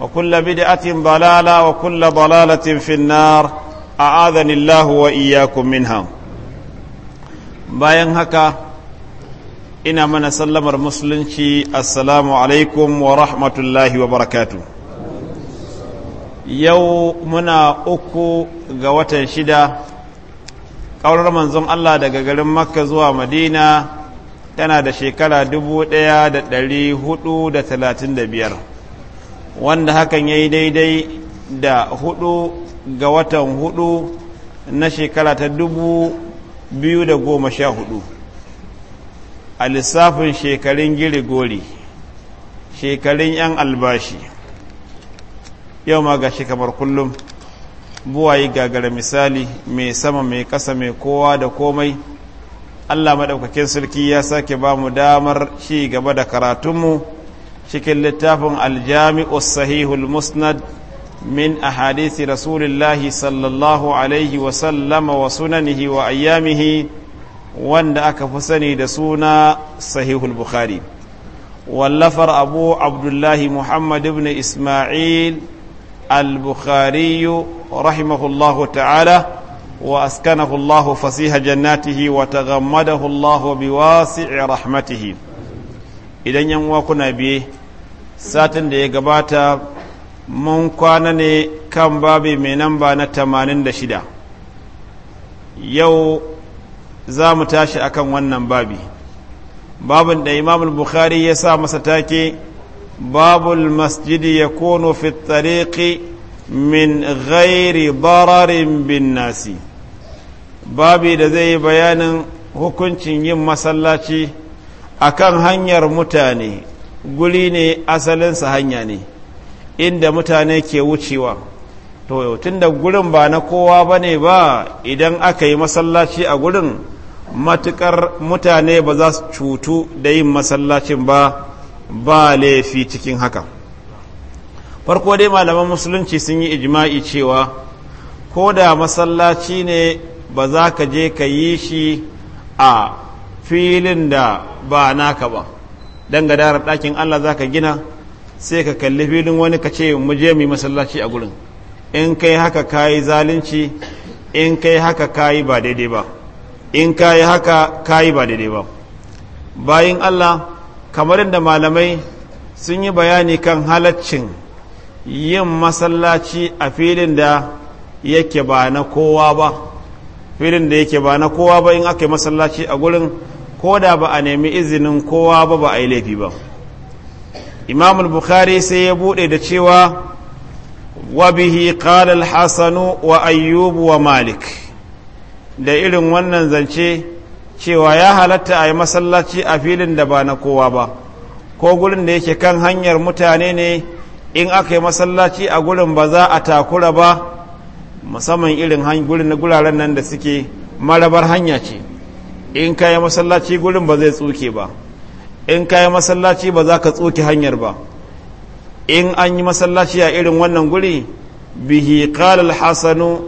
وكل بدعة ضلالة وكل ضلالة في النار أعاذني الله وإياكم منها bayan haka ina mana sallamar musulunci assalamu alaikum wa rahmatullahi wa barakatu yau muna uku ga watan shida ƙaurar manzon Allah daga garin makka zuwa madina tana da shekara dubu ɗaya da ɗari hudu da talatin da biyar wanda hakan ya yi daidai da hudu ga watan hudu na shekara ta dubu biyu da goma sha hudu a lissafin shekarun girigori shekarun 'yan albashi yau ma gashi kamar kullum buwaye gagara misali mai sama mai kasa mai kowa da komai allah maɗaukakin sarki ya sake ba mu damar shi gaba da karatunmu cikin littafin aljami'u sahihul musnad min ahadisi rasulillahi sallallahu alaihi wasallama wa sunanihi wa ayyamihi wanda aka fi sani da suna sahihul bukhari wallafar abu abdullahi muhammad ibn isma'il al-bukhari rahimahullahu ta'ala وأسكنه الله فسيح جناته وتغمده الله بواسع رحمته إذا ينوى كنا satin da ya gabata mun kwana ne kan babi mai namba na tamanin da shida yau za mu tashi akan wannan babi babin da imam bukhari ya sa masa take babul masjidi ya kono fitariki min ghairi bararin bin nasi babi da zai yi bayanin hukuncin yin masallaci akan hanyar mutane guri ne asalinsa hanya ne inda mutane ke wucewa to tun gurin ba na kowa ba ne ba idan aka yi masallaci a gurin matukar mutane ba za su cutu da yin masallacin ba ba laifi cikin haka farko dai malaman musulunci sun yi ijima'i cewa ko da masallaci ne ba za ka je ka yi shi a filin da ba naka ba dan gadarar ɗakin Allah za gina sai ka kalli filin wani kace ce mu je mu masallaci a gurin in kai haka kayi zalunci in kai haka kayi ba daidai ba in kai haka kayi ba daidai ba bayin Allah kamar da malamai sun yi bayani kan halaccin yin masallaci a filin da yake ba na kowa ba filin da yake ba na kowa ba in aka yi masallaci a gurin ko da ba a nemi izinin kowa ba ba a yi laifi ba imamul bukhari sai ya bude da cewa wa bihi qala al-hasanu wa ayyub wa malik da irin wannan zance cewa ya halatta a yi masallaci a filin da ba na kowa ba ko gurin da yake kan hanyar mutane ne in aka yi masallaci a gurin ba za a takura ba musamman irin gurin na guraren nan da suke marabar hanya ce in kayi masallaci gurin ba zai tsuke ba in kayi masallaci ba za ka tsuke hanyar ba in an yi masallaci a irin wannan guri bihi qalal al-hasanu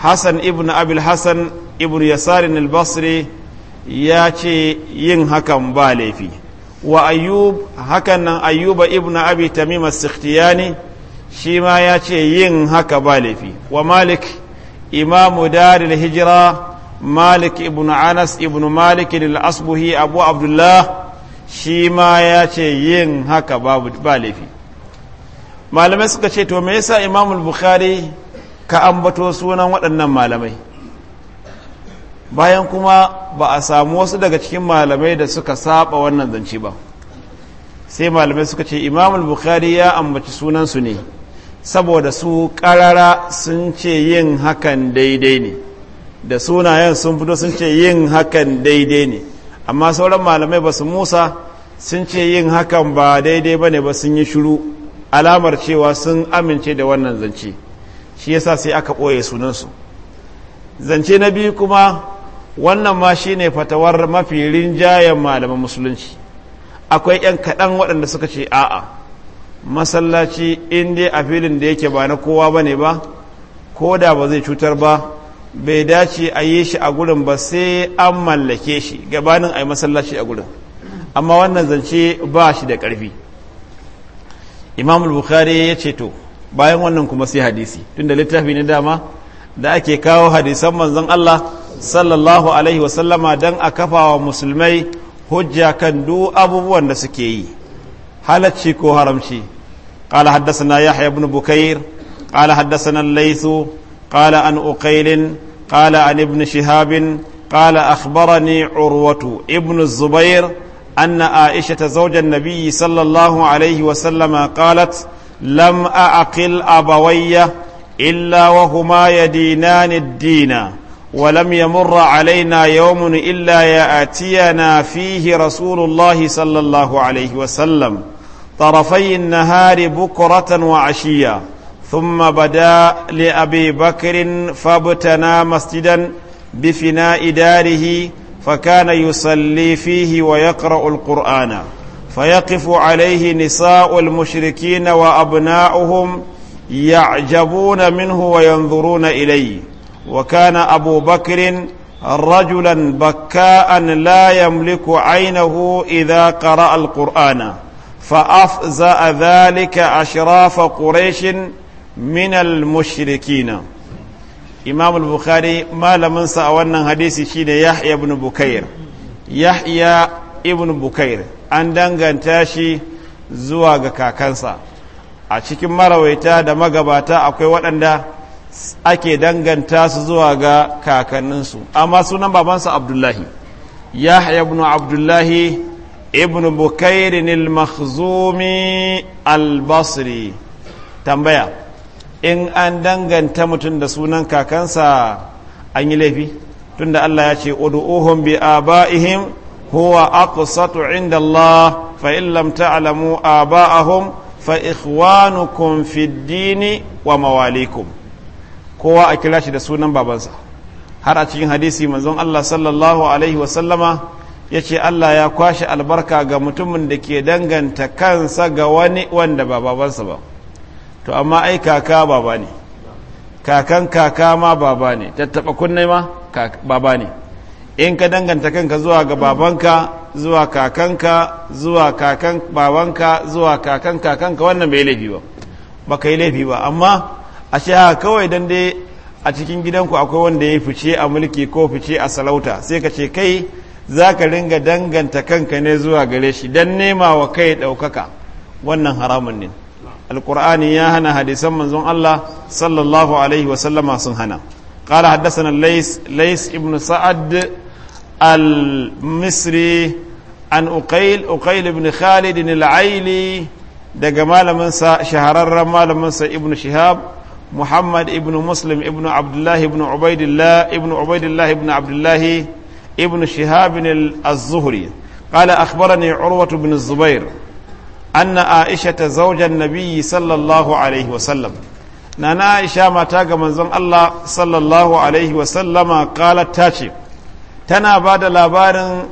hasan ibn abil hasan ibn yasarin al-basri ya ce yin hakan ba laifi wa ayyub hakan nan ayyuba ibn abi tamim as-sikhtiyani shi ma ya ce yin haka ba laifi wa malik imamu daril hijira malik ibn anas ابن malik al-asbuhi abu الله shi ma ya ce yin haka ba laifi malamai suka ce to me yasa imamul bukhari ka ambato sunan waɗannan malamai bayan kuma ba a samu wasu daga cikin malamai da suka saba wannan zance ba sai malamai suka ce imamul bukhari ya ambaci sunansu ne saboda su karara sun ce yin hakan daidai ne da sunayen sun fito sun ce yin hakan daidai ne amma sauran malamai ba su musa sun ce yin hakan ba daidai ba ne ba sun yi shuru alamar cewa sun amince da wannan zance shi yasa sai aka ɓoye sunansu zance na biyu kuma wannan ma shi ne fatawar mafi rinjayen malaman musulunci akwai 'yan kaɗan waɗanda suka ce a'a masallaci in a filin da yake ba na kowa ba ne ba ko da ba zai cutar ba bai dace a yi shi a gurin ba sai an mallake shi gabanin a yi masallaci a gurin amma wannan zance ba shi da karfi. imamul bukhari ya ce to bayan wannan kuma sai hadisi tun da littafi na dama da ake kawo hadisan manzon Allah sallallahu alaihi wasallama don a kafa wa musulmai hujja kan duk abubuwan da suke yi halacci ko haramci قال حدثنا يحيى بن بكير قال حدثنا الليث قال عن أقيل قال عن ابن شهاب قال أخبرني عروة ابن الزبير أن عائشة زوج النبي صلى الله عليه وسلم قالت لم أعقل أبوي إلا وهما يدينان الدين ولم يمر علينا يوم إلا يأتينا فيه رسول الله صلى الله عليه وسلم طرفي النهار بكرة وعشيا ثم بدا لأبي بكر فابتنى مسجدا بفناء داره فكان يصلي فيه ويقرأ القرآن فيقف عليه نساء المشركين وأبناؤهم يعجبون منه وينظرون إليه وكان أبو بكر رجلا بكاء لا يملك عينه إذا قرأ القرآن فأفزأ ذلك أشراف قريش min mushrikina imam bukhari malaminsa a wannan hadisi shine yahya ibn bukair yahya ibn bukair an danganta shi zuwa ga kakansa a cikin marawaita da magabata akwai waɗanda ake danganta su zuwa ga kakanninsu amma sunan babansa abdullahi yahya ibn abdullahi ibn bukairin al-makhzumi al-basri tambaya in an danganta mutum da sunan kakansa an yi laifi tunda Allah ya ce ud'uhum bi aba'ihim huwa aqsatu inda Allah fa in lam ta'lamu aba'ahum fa ikhwanukum fid dini wa mawalikum kowa a kira shi da sunan babansa har a cikin hadisi manzon Allah sallallahu alaihi wa sallama yace Allah ya kwashe albarka ga mutumin da ke danganta kansa ga wani wanda ba babansa ba to amma ai kaka baba ne kakan kaka ma baba ne tattaba kunne ma baba ne in ka danganta kanka zuwa ga babanka zuwa kakanka zuwa kakan babanka zuwa kakan kakanka wannan bai laifi ba ba yi laifi ba amma a shi ah, haka kawai dan dai a cikin gidanku akwai wanda ya fice a mulki ko fice a salauta sai ka ce kai za ka ringa danganta kanka ne zuwa gare shi don nema wa kai ɗaukaka wannan haramun ne alkur'ani ya hana hadisan manzon Allah sallallahu alaihi wa sallama sun hana qala haddathana lays lays ibn sa'ad al-misri an uqail uqail ibn khalid al-aili daga malamin sa shahararren ibn shihab muhammad ibn muslim ibn abdullah ibn ubaidillah ibn ubaidillah ibn abdullah ibn shihab al-zuhri قال أخبرني عروة بن الزبير anna aishata zaujan nabiyyi sallallahu alaihi wasallam nana aisha mata ga manzon Allah sallallahu alaihi wasallama qalat ta ce tana ba da labarin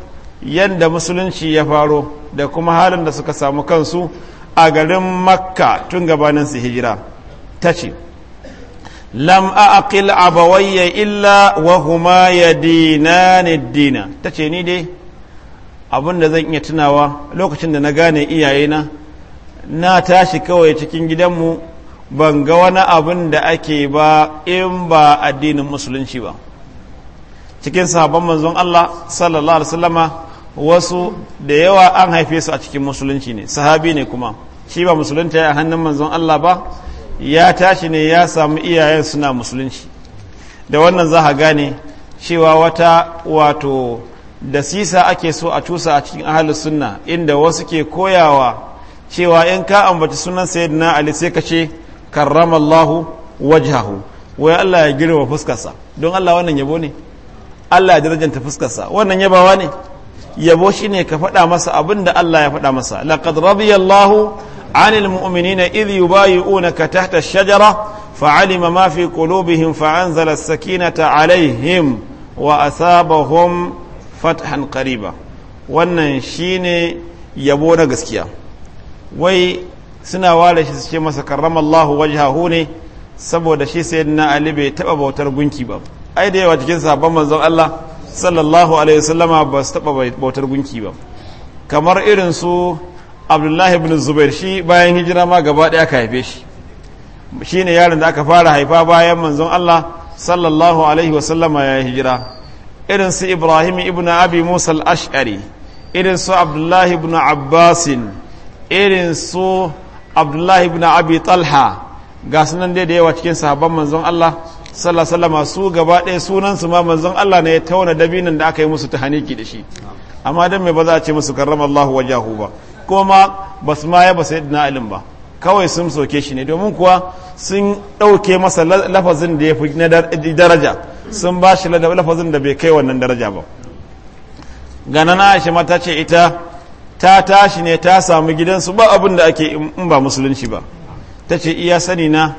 yadda musulunci ya faru da kuma halin da suka samu kansu a garin makka tun gabanin su hijira ta ce lam aqil abawayya illa wa huma yadinani dina ta ce ni dai abin da zan iya tunawa lokacin da na gane iyayena na tashi kawai cikin gidanmu ban ga wani abin da ake ba in ba addinin musulunci ba cikin sahabban manzon Allah sallallahu alaihi wasallama wasu da yawa an haife su a cikin musulunci ne sahabi ne kuma shi ba musulunta a hannun manzon Allah ba ya tashi ne ya samu iyayen suna musulunci da wannan za gane cewa wata wato da sisa ake so a cusa a cikin ahalus sunna inda wasu ke koyawa cewa in ka ambaci sunan sayyidina ali sai ka ce karramallahu wajhahu wai Allah ya girma fuskarsa don Allah wannan yabo ne Allah ya darajanta fuskarsa wannan yabawa ne yabo shine ka faɗa masa abin da Allah ya faɗa masa laqad radiyallahu anil mu'minina idh yubayyi'unaka tahta ash-shajara fa'alima ma fi qulubihim fa'anzala as-sakinata 'alayhim wa asabahum fathan qariba wannan shine yabo na gaskiya wai suna ware shi su ce masa karramallahu wajhahu ne saboda shi sayyidina ali bai taba bautar gunki ba ai da yawa cikin sabon manzon Allah sallallahu alaihi wasallama ba su taba bautar gunki ba kamar irin su Abdullahi ibn Zubair shi bayan hijira ma gaba daya aka haife shi shine yaron da aka fara haifa bayan manzon Allah sallallahu alaihi wasallama ya hijira irin su ibrahim ibn abi musa al-ash'ari irin su abdullahi ibn abbas irin su abdullahi ibn abi talha ga sunan da yawa cikin sahabban manzon Allah sallallahu su gaba ɗaya sunan su ma manzon Allah ne ya tauna dabinan da aka yi musu tahaniki da shi amma dan me ba za a ce musu karrama Allah wajahu ba kuma ba su ma ya ba sayyidina alim ba kawai sun soke shi ne domin kuwa sun ɗauke masa lafazin da ya fi na daraja sun ba shi lafazin da bai kai wannan daraja ba ganan aisha mata ce ita ta tashi ne ta samu gidansu ba abin da ake in ba musulunci ba ta ce iya sani na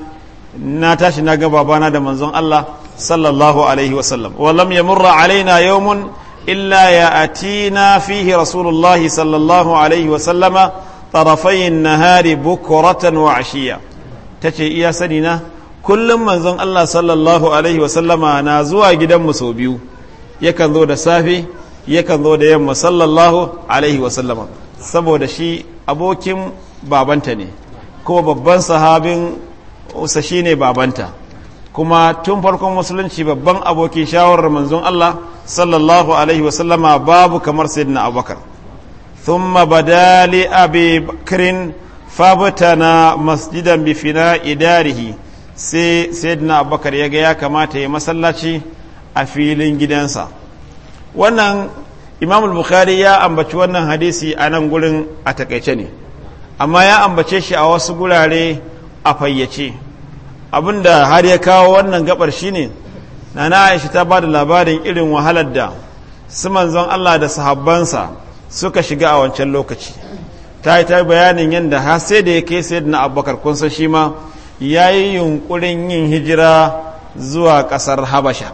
na tashi na ga babana da manzon Allah sallallahu alaihi wasallam wallam ya murra alaina yawmun illa ya atina fihi rasulullahi sallallahu alaihi wasallama tarafayin nahari bukuratan wa ashiya ta ce iya sani na kullum manzon Allah sallallahu alaihi wasallama na zuwa gidanmu sau biyu yakan zo da safe yakan zo da yamma sallallahu alaihi wasallama saboda shi abokin babanta ne kuma babban sahabin usa shi ne babanta kuma tun farkon musulunci babban abokin shawarar manzon Allah sallallahu alaihi wasallama babu kamar sayyidina abubakar thumma badali abi bakrin fabtana masjidan bifina idarihi sai sayyidina abubakar ya ga ya kamata ya masallaci a filin gidansa wannan imamul bukhari ya ambaci wannan hadisi a nan gurin a takaice ne amma ya ambace shi a wasu gurare a fayyace abinda har ya kawo wannan gabar shine nana aisha ta ba da labarin irin wahalar da su manzon Allah da sahabbansa suka shiga a wancan lokaci ta yi ta bayanin yadda har sai da ya kai sayyidina abubakar kun san shi ma ya yi yunkurin yin hijira zuwa ƙasar habasha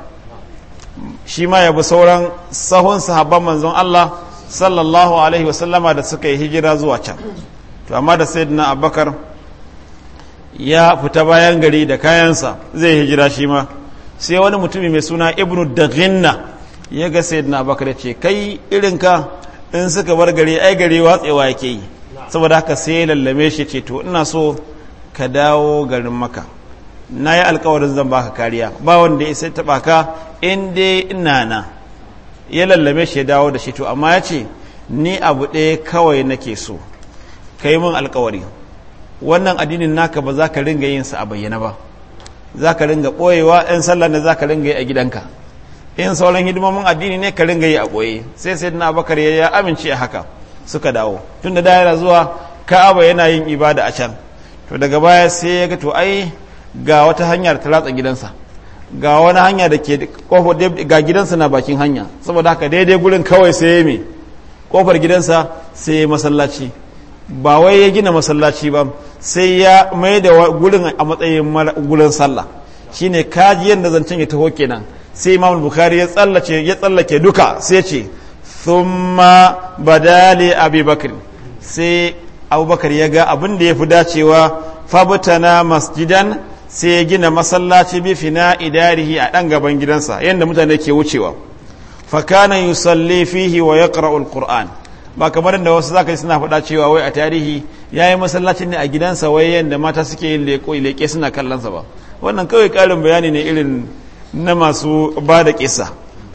shi ma yabi sauran sahun sahabban manzon Allah sallallahu alaihi wasallama da suka yi hijira zuwa can to amma da sayyidina Abakar ya fita bayan gari da kayansa zai hijira shi ma sai wani mutumi mai suna ibnu daginna ya ga sayyidina Abakar ya ce kai irinka in suka bar gari ai gari watsewa yake yi saboda haka sai ya lallame shi ce to ina so ka dawo garin maka na yi alkawarin zan baka kariya ba wanda ya sai taba ka in ina na ya lallame shi ya dawo da shi to amma ya ce ni abu ɗaya kawai nake so ka yi min alkawari wannan addinin naka ba za ka ringa yin sa a bayyana ba za ka ringa ɓoyewa ɗan sallah da za ka ringa yi a gidanka in sauran hidimomin addini ne ka ringa yi a ɓoye sai sai na abakar ya amince a haka suka dawo tun da da yana zuwa ka'aba yana yin ibada a can to daga baya sai ya ga to ai ga wata hanyar ta latsa gidansa ga wani hanya da ke kofar ga gidansa na bakin hanya saboda haka daidai gurin kawai sai ya mai kofar gidansa sai ya masallaci ba wai ya gina masallaci ba sai ya mai da gurin a matsayin gurin sallah shine kaji yadda zancen ya taho kenan sai imam bukari ya tsallake ya tsallake duka sai ce thumma badali abubakar sai abubakar ya ga abin da ya fi dacewa fabtana masjidan sai ya gina masallaci bi fina idarihi a ɗan gaban gidansa yadda mutane ke wucewa fakana yusalli fihi wa yaqra'u alquran ba kamar da wasu zaka ji suna faɗa cewa wai a tarihi yayi masallaci ne a gidansa wai yadda mata suke yin leko leke suna kallon sa ba wannan kawai ƙarin bayani ne irin na masu ba da kisa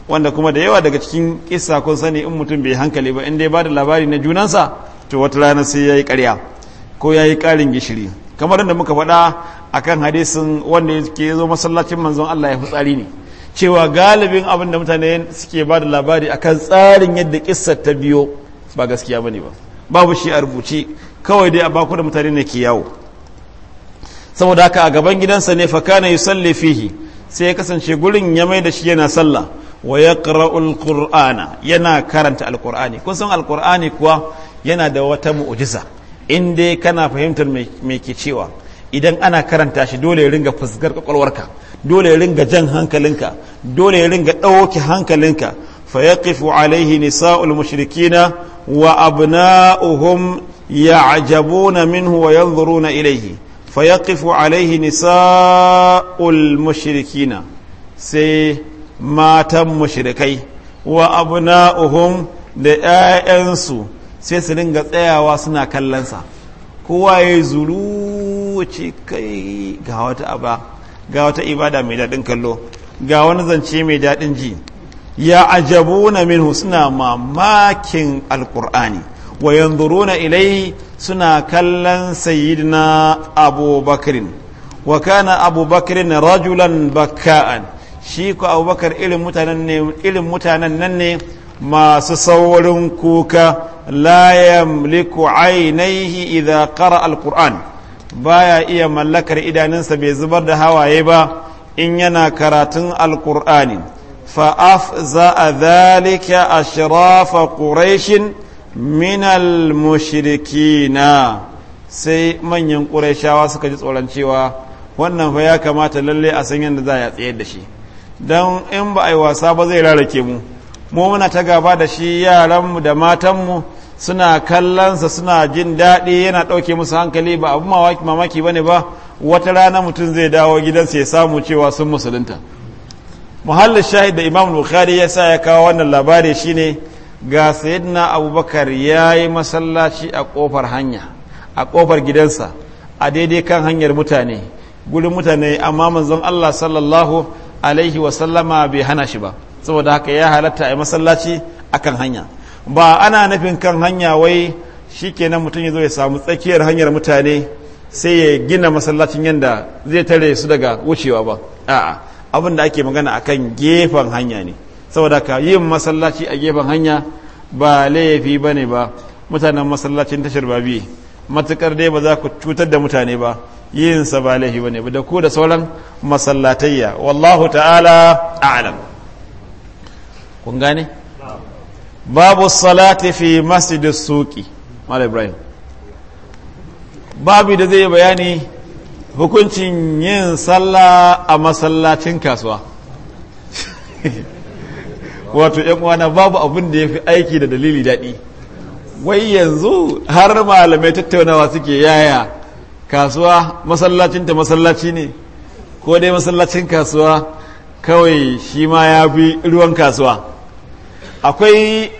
wanda kuma da yawa daga cikin kisa kun sani in mutum bai hankali ba in dai ba da labari na junansa to wata rana sai ya yi ƙarya ko ya yi ƙarin gishiri kamar da muka faɗa a kan hadisin wanda ke zo masallacin manzon Allah ya tsari ne cewa galibin abin da mutane suke ba da labari a kan tsarin yadda ƙissar ta biyo ba gaskiya ba ne ba babu shi a rubuce kawai dai a baku da mutane ne ke yawo saboda haka a gaban gidansa ne fakana yusalli fihi sai ya kasance gurin ya mai da shi yana sallah wa yaqra'ul qur'ana yana karanta alqur'ani kun san alqur'ani kuwa yana da wata mu'ujiza in dai kana fahimtar mai ke cewa idan ana karanta shi dole ya ringa fuskar kwakwalwarka dole ya ringa jan hankalinka dole ya ringa ɗauke hankalinka fa yaqifu alaihi nisa'ul mushrikina wa abna'uhum ya'jabuna minhu wa yanzuruna ilaihi fa yaqifu alaihi nisa'ul mushrikina sai matan mushrikai wa abna'uhum da 'ya'yansu sai su ringa tsayawa suna kallonsa kowa ya yi zuru ce kai ga wata aba ga wata ibada mai daɗin kallo ga wani zance mai daɗin ji ya ajabu na minhu suna mamakin alkur'ani wa yanzuru na ilai suna kallon sayidina abubakirin wa kana abubakirin rajulan bakka'an shi ku abubakar ilin mutanen nan ne masu saurin kuka la yamliku ainihi idza qara alquran baya iya mallakar idanunsa bai zubar da hawaye ba in yana karatun alqur'ani fa afza dhalika ashrafa quraish min almushrikina sai manyan qurayshawa suka ji tsoron cewa wannan fa ya kamata lalle a san yadda za a tsayar da shi don in ba a yi wasa ba zai rarake mu mu muna ta gaba da shi yaranmu da matanmu suna kallonsa suna jin daɗi yana ɗauke musu hankali ba abu mamaki ba ne ba wata rana mutum zai dawo gidansa ya samu cewa sun musulunta muhallin shahid da imam bukhari ya sa ya kawo wannan labari shine ga sayyidina abubakar ya yi masallaci a ƙofar hanya a ƙofar gidansa a daidai kan hanyar mutane gudun mutane amma manzon allah sallallahu alaihi wasallama bai hana shi ba saboda haka ya halatta a yi masallaci akan hanya ba ana nufin kan hanya wai shi shikenan mutum ya zo ya samu tsakiyar hanyar mutane sai ya gina masallacin yadda zai tare su daga wucewa ba a'a abin da ake magana akan gefen hanya ne saboda haka yin masallaci a gefen hanya ba laifi ba ne ba mutanen masallacin tashar babi matukar dai ba za ku cutar da mutane ba yin sa ba laifi ba ne ba da ku da sauran masallatayya wallahu ta'ala a'lam kun gane babu salati fi masjidin suki mara ibrahim babu da zai bayani hukuncin yin sallah a masallacin kasuwa wato yan babu abin da ya fi aiki da dalili daɗi wai yanzu har malamai tattaunawa suke yaya kasuwa masallacinta masallaci ne ko dai masallacin kasuwa kawai shi ma ya fi ruwan kasuwa akwai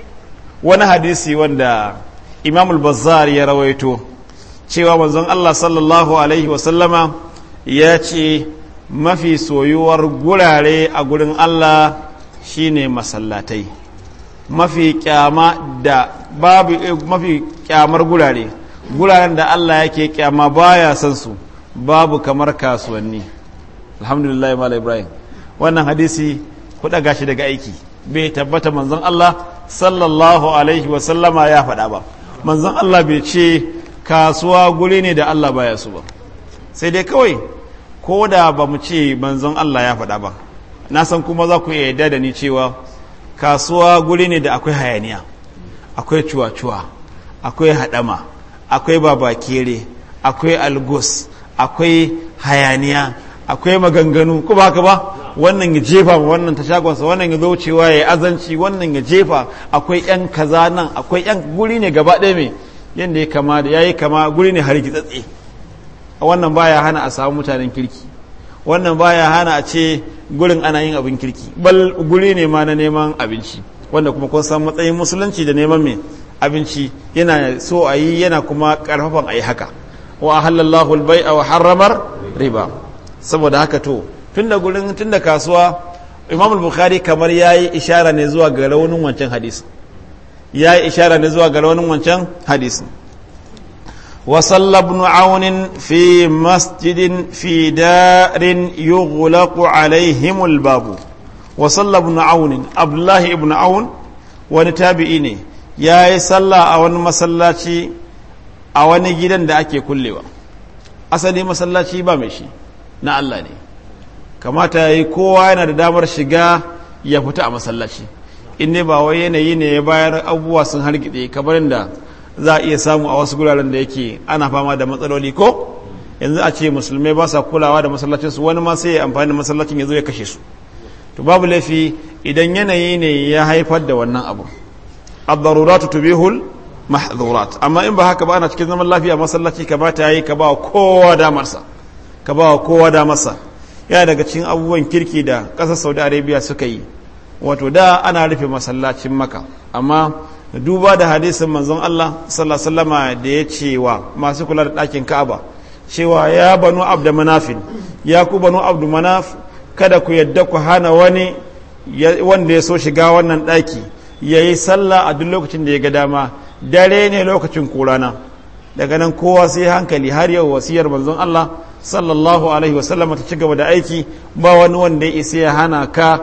wani hadisi wanda imam bazzar ya rawaito cewa manzon Allah sallallahu alaihi wasallama ya ce mafi soyuwar gurare a gurin Allah shine masallatai mafi kyama da babu mafi kyamar gurare guraren da Allah yake kyama baya san su babu kamar kasuwanni alhamdulillah mala ibrahim wannan hadisi kuɗa gashi daga aiki bai tabbata manzon Allah sallallahu alaihi wasallama ya faɗa ba manzon Allah bai ce kasuwa guri ne da Allah baya su ba sai dai kawai ko da ba mu ce manzon Allah ya faɗa ba na san kuma za ku iya yarda da ni cewa kasuwa guri ne da akwai hayaniya akwai cuwa-cuwa akwai haɗama akwai babakere akwai algos akwai hayaniya akwai maganganu ko ba ka ba wannan ya jefa ma wannan ta shagonsa wannan ya zo cewa ya azanci wannan ya jefa akwai yan kaza nan akwai yan guri ne gaba ɗaya mai yadda ya kama da yayi kama guri ne har gitsatse wannan baya hana a samu mutanen kirki wannan baya hana a ce gurin ana yin abin kirki bal guri ne ma na neman abinci wanda kuma kun san matsayin musulunci da neman mai abinci yana so a yi yana kuma karfafan a yi haka wa halallahu albai'a wa harramar riba saboda haka to tunda gurin tunda kasuwa imam bukhari kamar ya yi ishara ne zuwa ga raunin wancan hadisi yi ishara ne zuwa ga raunin wancan hadisi wasallabnu aunin fi masjidin fi darin yughlaqu alaihim albabu wa sallabnu abdullahi ibn aun wani tabi'i ne ya yi sallah a wani masallaci a wani gidan da ake kullewa asali masallaci ba mai shi na Allah ne kamata ya yi kowa yana da damar shiga ya fita a masallaci in ne ba wai yanayi ne ya bayar abubuwa sun hargitse kamar da za a iya samu a wasu guraren da yake ana fama da matsaloli ko yanzu a ce musulmai ba sa kulawa da masallacinsu wani ma sai ya amfani da masallacin ya zo ya kashe su to babu laifi idan yanayi ne ya haifar da wannan abu ad-daruratu tubihul mahdhurat amma in ba haka ba ana cikin zaman lafiya masallaci ka ba ta yi ka ba kowa damarsa ka ba kowa damarsa ya daga cikin abubuwan kirki da ƙasar saudi arabia suka yi wato da ana rufe masallacin maka amma duba da hadisin manzon allah sallama da ya ce wa masu kula da ɗakin ka'aba cewa ya banu abda manafin ya ku banu abdu manaf kada ku yadda ku hana wani wanda ya so shiga wannan ɗaki ya yi sallah a duk lokacin da ya ga dama dare ne lokacin kurana daga nan kowa sai hankali har yau wasiyar manzon allah sallallahu alaihi wasallam ta ci gaba da aiki ba wani wanda ya isa ya hana ka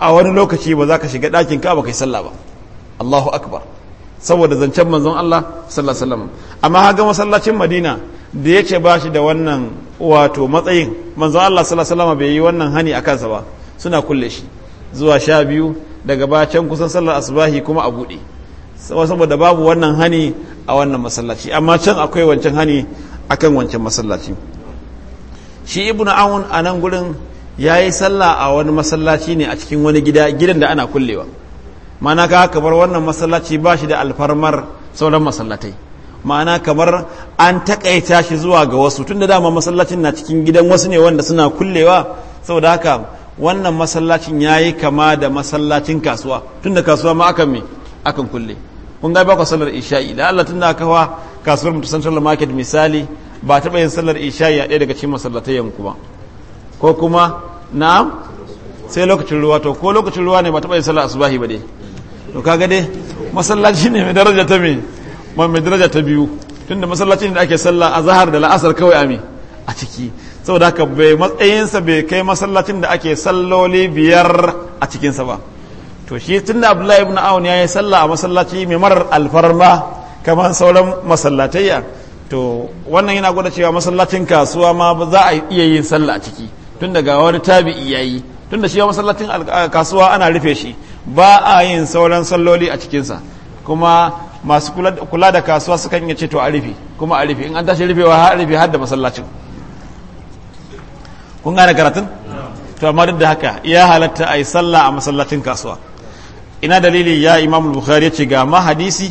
a wani lokaci ba za ka shiga ɗakin ka ba kai sallah ba Allahu akbar saboda zancen manzon Allah sallallahu alaihi wasallam amma haga masallacin Madina da yace ba shi da wannan wato matsayin manzon Allah sallallahu alaihi wasallam bai yi wannan hani a kansa ba suna kulle shi zuwa sha biyu daga bacan kusan sallar asubahi kuma a buɗe saboda babu wannan hani a wannan masallaci amma can akwai wancan hani akan wancan masallaci shi ibn awun a nan gurin ya yi sallah a wani masallaci ne a cikin wani gida gidan da ana kullewa ma'ana ka kamar wannan masallaci ba shi da alfarmar sauran masallatai ma'ana kamar an takaita shi zuwa ga wasu tunda dama masallacin na cikin gidan wasu ne wanda suna kullewa saboda haka wannan masallacin ya yi kama da masallacin kasuwa tun kasuwa ma akan me akan kulle kun ga ba sallar isha'i da Allah tun da aka kasuwar mutu central market misali ba taɓa yin sallar isha'i a ɗaya daga cikin masallatai yanku ba ko kuma na sai lokacin ruwa to ko lokacin ruwa ne ba taɓa yin sallar asubahi ba dai to kaga dai masallaci ne mai daraja ta me mai daraja ta biyu tunda masallaci ne da ake sallah a zahar da la'asar kawai a me a ciki saboda haka bai matsayinsa bai kai masallacin da ake salloli biyar a cikinsa ba to shi tunda abdullahi ibn aun ya yi sallah a masallaci mai marar alfarma kamar sauran masallatayya to wannan yana gwada cewa masallacin kasuwa ma ba za a iya yin sallah a ciki tun daga wani tabi'i yayi tun da shi masallacin kasuwa ana rufe shi ba a yin sauran salloli a cikinsa kuma masu kula da kasuwa sukan iya ce to a rufe kuma a rufe in an tashi rufewa har rufe har da masallacin kun gane karatun to amma duk da haka ya halatta a yi sallah a masallacin kasuwa ina dalili ya imam bukhari ya ce ga ma hadisi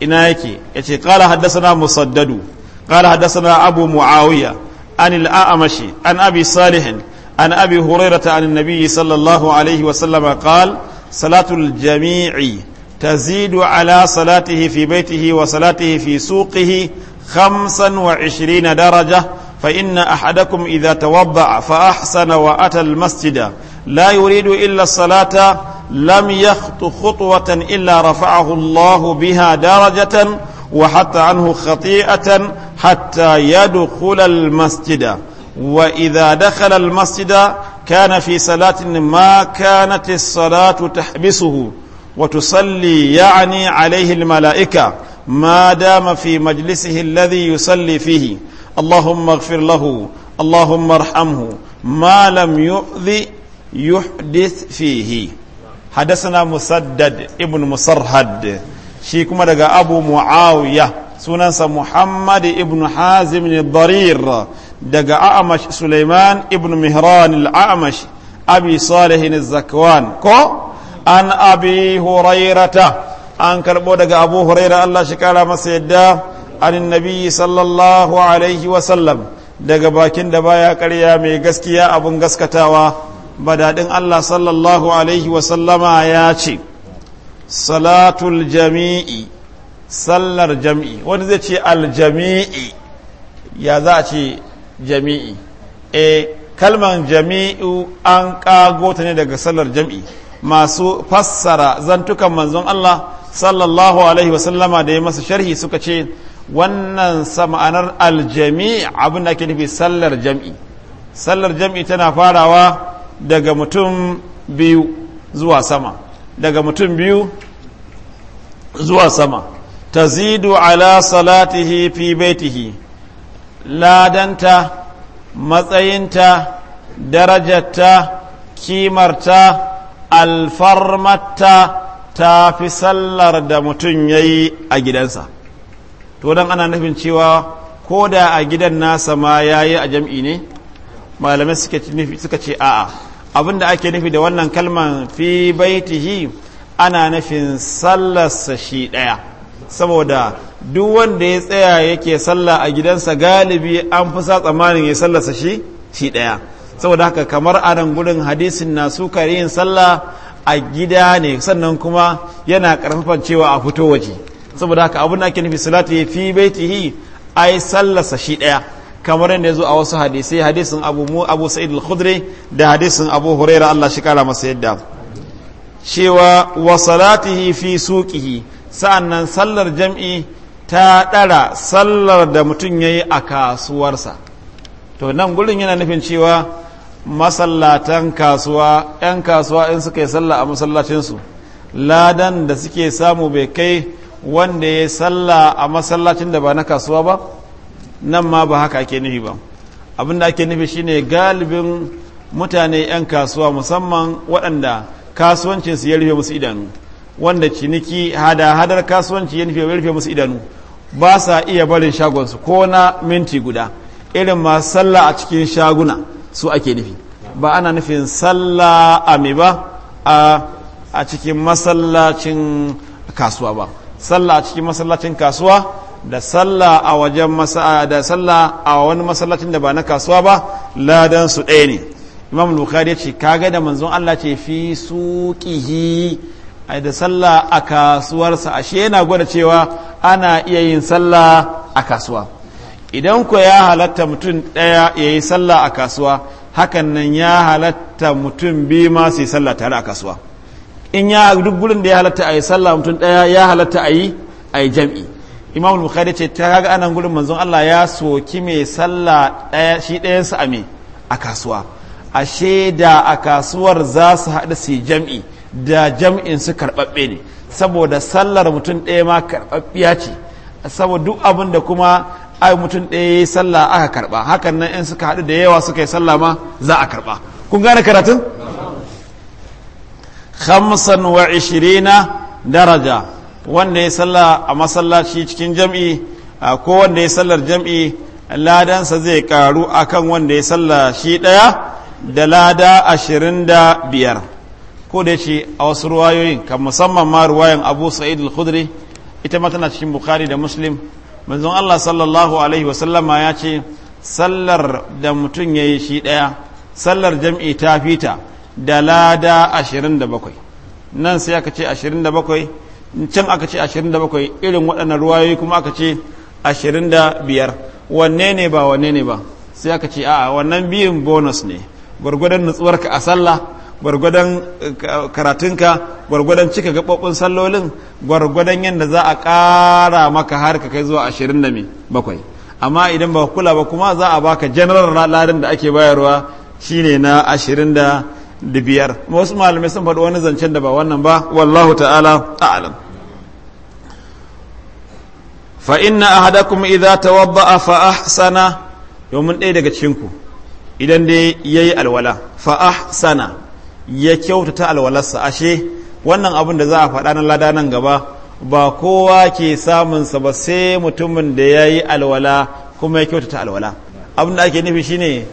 ina yake ya ce ƙala haddasa musaddadu ƙala haddasa na abu mu'awiya an al'amashi an abi salihin an abi hurera ta an sallallahu alaihi wasallam ƙal salatul jami'i ta zidu ala salatihi fi baitihi wa salatihi fi suqihi khamsan wa ishirina daraja fa inna ahadakum idha tawadda fa ahsana wa atal masjidah لا يريد إلا الصلاة لم يخط خطوة إلا رفعه الله بها درجة وحتى عنه خطيئة حتى يدخل المسجد وإذا دخل المسجد كان في صلاة ما كانت الصلاة تحبسه وتصلي يعني عليه الملائكة ما دام في مجلسه الذي يصلي فيه اللهم اغفر له اللهم ارحمه ما لم يؤذ yuhdis fihi hadasana musaddad ibn musarhad shi kuma daga abu muawiya sunansa muhammad ibn hazim darir daga a'amash suleiman ibn mihran al-a'amash abi salih ko an abi hurairata an karbo daga abu huraira Allah shi kara masa yadda an nabi sallallahu alaihi wasallam daga bakin da baya karya mai gaskiya abun gaskatawa badadin Allah sallallahu alaihi wasallama ya ce salatul jami'i sallar jami'i wani zai ce aljami'i ya za a ce jami'i e kalman jami'i an kago ta ne daga sallar jami'i masu fassara zantukan manzon Allah sallallahu alaihi wasallama da ya masa sharhi suka ce wannan sama'anar aljami'i abin da ke nufi sallar jam'i sallar jam'i tana farawa daga mutum biyu zuwa sama daga mutum biyu zuwa sama Ta tazidu ala salatihi fi baitihi ladanta matsayinta darajarta kimarta alfarmarta ta fi sallar da mutum ya yi a gidansa to don ana nufin cewa ko da a gidan nasa ma ya yi a jam'i ne malamai suka ce a'a abin da ake nufi da wannan kalman fi baitihi ana nufin sallarsa shi ɗaya saboda duk wanda ya tsaya yake sallah a gidansa galibi an fi sa tsammanin ya sallarsa shi shi ɗaya saboda haka kamar a nan gudun hadisin na su yin sallah a gida ne sannan kuma yana karfafan cewa a fito waje saboda haka abin da ake nufi salatu fi baitihi ai sallarsa shi ɗaya kamar yadda ya zo a wasu hadisai hadisin abu mu abu sa'id al-khudri da hadisin abu huraira Allah shi kara masa yadda cewa wa salatihi fi suqihi sa'annan sallar jam'i ta dara sallar da mutum yayi a kasuwarsa to nan gurin yana nufin cewa masallatan kasuwa yan kasuwa in suka yi sallah a masallacinsu ladan da suke samu bai kai wanda ya sallah a masallacin da ba na kasuwa ba nan ma ba haka ake nufi ba abin da ake nufi shine galibin mutane 'yan kasuwa musamman waɗanda kasuwancinsu ya rufe musu idanu wanda ciniki hada hadar kasuwanci ya rufe musu idanu ba sa iya barin shagonsu ko na minti guda irin ma sallah a cikin shaguna su ake nufi ba ana nufin sallah a me ba a cikin masallacin kasuwa ba sallah a cikin masallacin kasuwa da sallah a wajen da sallah a wani masallacin da ba na kasuwa ba ladan su ɗaya ne imam bukhari ya ce kaga da manzon Allah ce fi suqihi da sallah a kasuwarsa ashe yana gwada cewa ana iya yin sallah a kasuwa idan ku ya halatta mutum ɗaya ya yi sallah a kasuwa hakan nan ya halatta mutum biyu ma su yi sallah tare a kasuwa in ya duk gurin da ya halatta a yi sallah mutum ɗaya ya halatta a yi a yi jam'i imam al-bukhari ce ta ga anan gurin manzon Allah ya soki mai sallah daya shi dayan sa ame a kasuwa ashe da a kasuwar za su haɗu su jam'i da jam'in su karɓaɓɓe ne saboda sallar mutum ɗaya ma karɓaɓɓiya ce saboda duk abin da kuma ai mutum ɗaya yi sallah aka karɓa hakan nan in suka haɗu da yawa suka yi sallah ma za a karɓa kun gane karatun khamsan wa ishirina daraja wanda ya salla a masallaci cikin jam'i ko wanda ya sallar jam'i ladansa zai karu kan wanda ya salla shi ɗaya da lada ashirin da biyar ko da ce a wasu ruwayoyin kan musamman ma ruwayan abu sa'id al-khudri ita ma tana cikin bukhari da muslim manzon allah sallallahu alaihi wasallama ya ce sallar da mutum ya yi shi ɗaya sallar jam'i ta fita da lada ashirin da bakwai nan sai aka ce ashirin da bakwai can aka ce 27 irin waɗannan ruwayoyi kuma aka ce 25 wanne ne ba wanne ne ba sai aka ce a'a wannan biyun bonus ne gwargwadon nutsuwarka a sallah gwargwadon eh, karatunka gwargwadon cika gaɓaɓɓun sallolin gwargwadon yadda za a ƙara maka har ka kai zuwa 27 amma idan ba kula ba kuma za a baka general ladin da ake bayarwa shine na 27 da biyar wasu malamai sun faɗi wani zancen da ba wannan ba wallahu ta'ala a'lam fa inna ahadakum idza tawadda'a fa ahsana domin ɗaya daga cikin ku idan dai yayi alwala fa ahsana ya kyautata alwalarsa ashe wannan abin da za a faɗa na lada nan gaba ba kowa ke samun sa ba sai mutumin da yayi alwala kuma ya kyautata alwala abin da ake nufi shine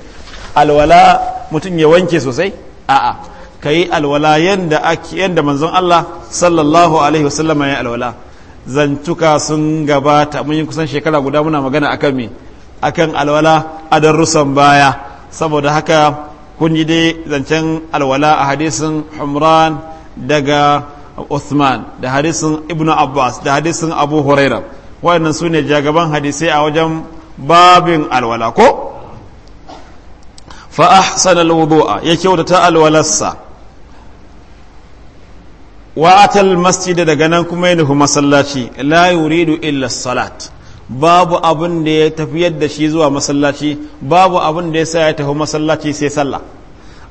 alwala mutum ya wanke sosai a'a ka yi alwala yadda ake yadda manzon Allah sallallahu alaihi wasallama ya alwala zantuka sun gabata mun yi kusan shekara guda muna magana akan me akan alwala a darussan baya saboda haka kun yi dai zancen alwala a hadisin Umran daga Uthman da hadisin Ibn Abbas da hadisin Abu Huraira waɗannan sune jagaban hadisai a wajen babin alwala ko fa ahsana alwudu'a ya kyautata alwalarsa wa atal da daga nan kuma ya nufi masallaci la yuridu illa salat babu abin da ya tafi yadda shi zuwa masallaci babu abin da ya sa ya tafi masallaci sai sallah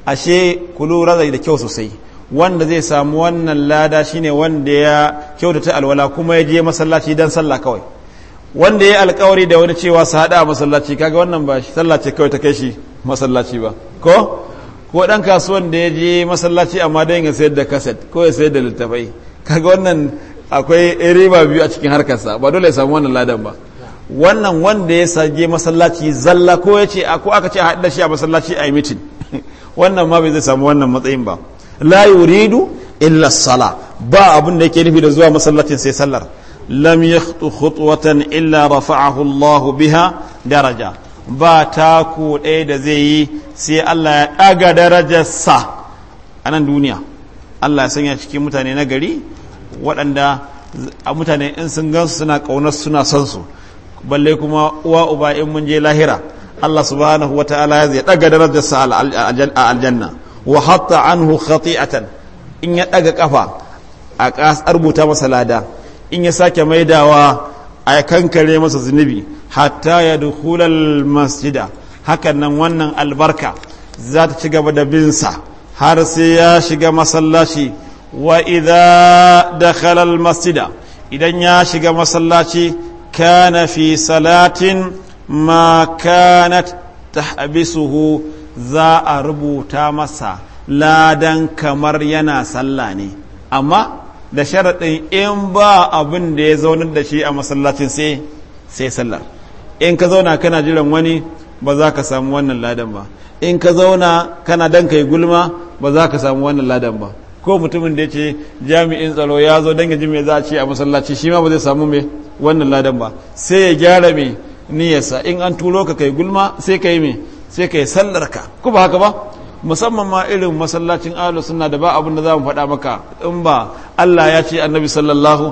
ashe ku lura da kyau sosai wanda zai samu wannan lada shi ne wanda ya kyautata alwala kuma ya je masallaci dan salla kawai wanda ya alkawari da wani cewa su hada masallaci kaga wannan ba sallah ce kawai ta kai shi masallaci ba ko ko dan kasuwan da ya je masallaci amma dan ya sayar da kaset ko ya sayar da littafai kaga wannan akwai riba biyu a cikin harkarsa ba dole ya samu wannan ladan ba wannan wanda ya sage masallaci zalla ko ya ce ko aka ce a haɗa shi a masallaci a yi mitin wannan ma bai zai samu wannan matsayin ba la yuridu illa sala ba abin da yake nufi da zuwa masallacin sai sallar lam yakhtu khutwatan illa rafa'ahu Allahu biha daraja ba taku ɗaya da zai yi sai Allah ya ɗaga darajarsa a nan duniya Allah ya sanya cikin mutane na gari waɗanda mutane in sun gansu suna ƙaunar suna son su balle kuma uwa uba in mun je lahira Allah subhanahu wa ta'ala ya ɗaga darajarsa a aljanna wa hatta anhu khati'atan in ya ɗaga kafa a rubuta masa lada in ya sake maidawa a kankare masa zunubi hatta ya dukulal masjida hakan nan wannan albarka za ta ci gaba da binsa har sai ya shiga masallaci wa masjida idan ya shiga masallaci kana fi salatin ma kanat tahbisuhu za a rubuta masa ladan kamar yana sallah ne amma da sharaɗin in ba abin da ya zaunar da shi a masallacin sai sai sallar in ka zauna kana jiran wani ba za ka samu wannan ladan ba in ka zauna kana dan kai gulma ba za ka samu wannan ladan ba ko mutumin da ya ce jami'in tsaro ya zo dan ji me za a ce a masallaci shi ma ba zai samu me wannan ladan ba sai ya gyara me niyyarsa in an turo ka kai gulma sai ka yi me sai ka yi sallar ka ko ba haka ba musamman ma irin masallacin ahlus sunna da ba abin da zamu faɗa maka in ba Allah ya ce annabi sallallahu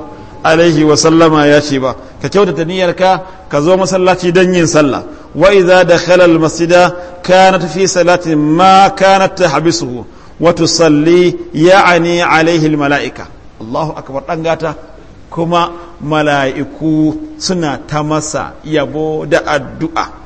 alaihi wa sallama ya ce ba ka kyautata niyyarka ka zo masallaci don yin sallah wa idza dakhala al masjida kanat fi salatin ma kanat tahbisuhu wa tusalli ya'ni alaihi al malaika Allahu akbar dan gata kuma mala'iku suna ta masa yabo da addu'a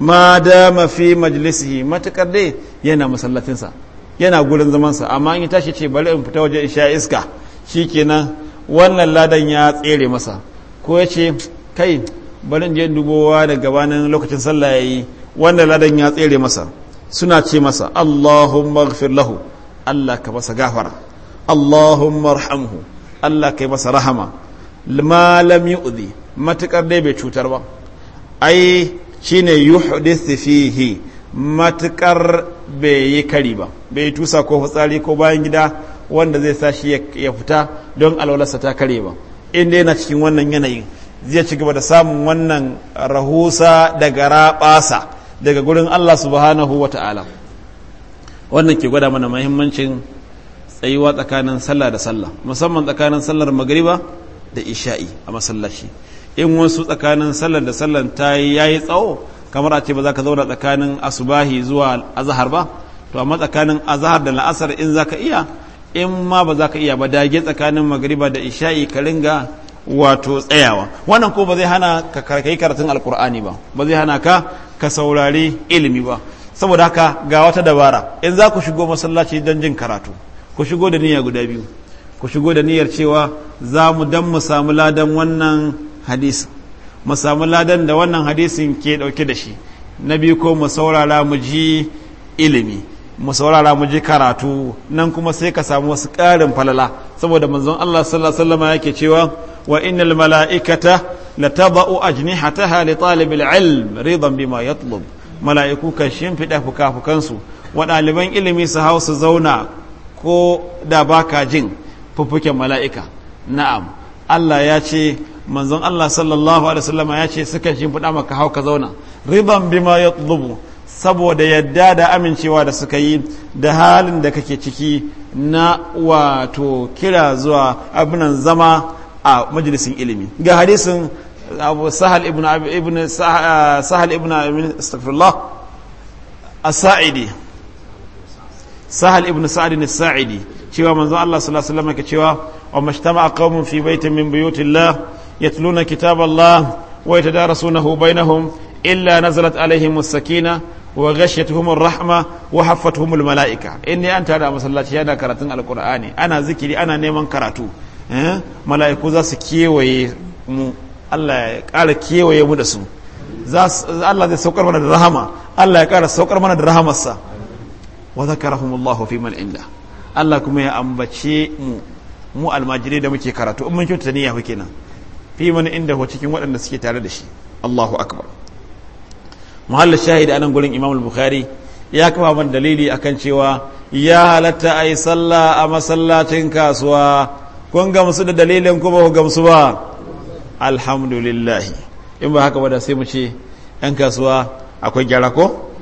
ma dama fi majalisihi matukar dai yana masallacinsa yana gurin zamansa amma in tashi ce bari in fita waje in sha iska shi kenan wannan ladan ya tsere masa ko ya ce kai bari in je dubowa da gabanin lokacin sallah yayi wannan ladan ya tsere masa suna ce masa Allahumma ighfir lahu Allah ka masa gafara Allahumma arhamhu Allah ka masa rahama ma lam uzi matukar dai bai cutar ba ai shine yuhdith fihi matukar bai yi kari ba bai yi tusa ko fitsari ko bayan gida wanda zai sa shi ya fita don alwalarsa ta kare ba inda yana cikin wannan yanayin zai ci gaba da samun wannan rahusa daga rabasa daga gurin Allah subhanahu wa ta'ala wannan ke gwada mana mahimmancin tsayuwa tsakanin sallah da sallah musamman tsakanin sallar magariba da isha'i a masallaci in wasu tsakanin sallar da sallar ta yayi tsawo kamar a ce ba za ka zauna tsakanin asubahi zuwa azahar ba to amma tsakanin azahar da la'asar in za ka iya in ma ba za ka iya ba dage tsakanin magariba da isha'i ka ringa wato tsayawa wannan ko ba zai hana ka karkai karatun alkur'ani ba ba zai hana ka ka saurari ilimi ba saboda haka ga wata dabara in za ku shigo masallaci don jin karatu ku shigo da niyya guda biyu ku shigo da niyyar cewa za mu dan mu samu ladan wannan hadisi mu samu ladan da wannan hadisin ke dauke da shi na biyu ko mu saurara mu ji ilimi mu saurara mu ji karatu nan kuma sai ka samu wasu ƙarin falala saboda manzon Allah sallallahu alaihi wasallam yake cewa wa innal mala'ikata latadau ajnihataha li talibil ilm ridan bima yatlub mala'iku kan shimfida fukafukansu wa ɗaliban ilimi su hau su zauna ko da baka jin fuffuken mala'ika na'am Allah ya ce manzon Allah sallallahu alaihi wasallama ya ce sukan fada maka hau ka zauna riban bima ya saboda yadda da amincewa da suka yi da halin da kake ciki na wato kira zuwa abinan zama a majalisin ilimi ga hadisin abu sahal ibn ibn uh, sahal ibn astaghfirullah as-sa'idi sahal ibn sa'id ibn saidi cewa manzon Allah sallallahu alaihi wasallam ke cewa wa mashtama qaumun fi baitin min buyutillah يتلون كتاب الله ويتدارسونه بينهم إلا نزلت عليهم السكينة وغشيتهم الرحمة وحفتهم الملائكة إني أنت هذا مسلاتي أنا كراتن القرآن أنا ذكري أنا نيمان كراتو أه؟ ملائكو ذا سكيوي مو الله قال كيوي مدسو Allah zai saukar mana da rahama Allah ya ƙara saukar mana da rahamarsa wa zakarahumullahu fi man inda Allah kuma ya ambace mu mu almajiri da muke karatu in mun kyautata niyya kenan fi man inda ko cikin waɗanda suke tare da shi Allahu akbar muhalla shahidi anan gurin Imam al-Bukhari ya kafa man dalili akan cewa ya halatta ai sallah a masallacin kasuwa kun gamsu da dalilin ko ba ku gamsu ba alhamdulillah in ba haka ba da sai mu ce yan kasuwa akwai gyara ko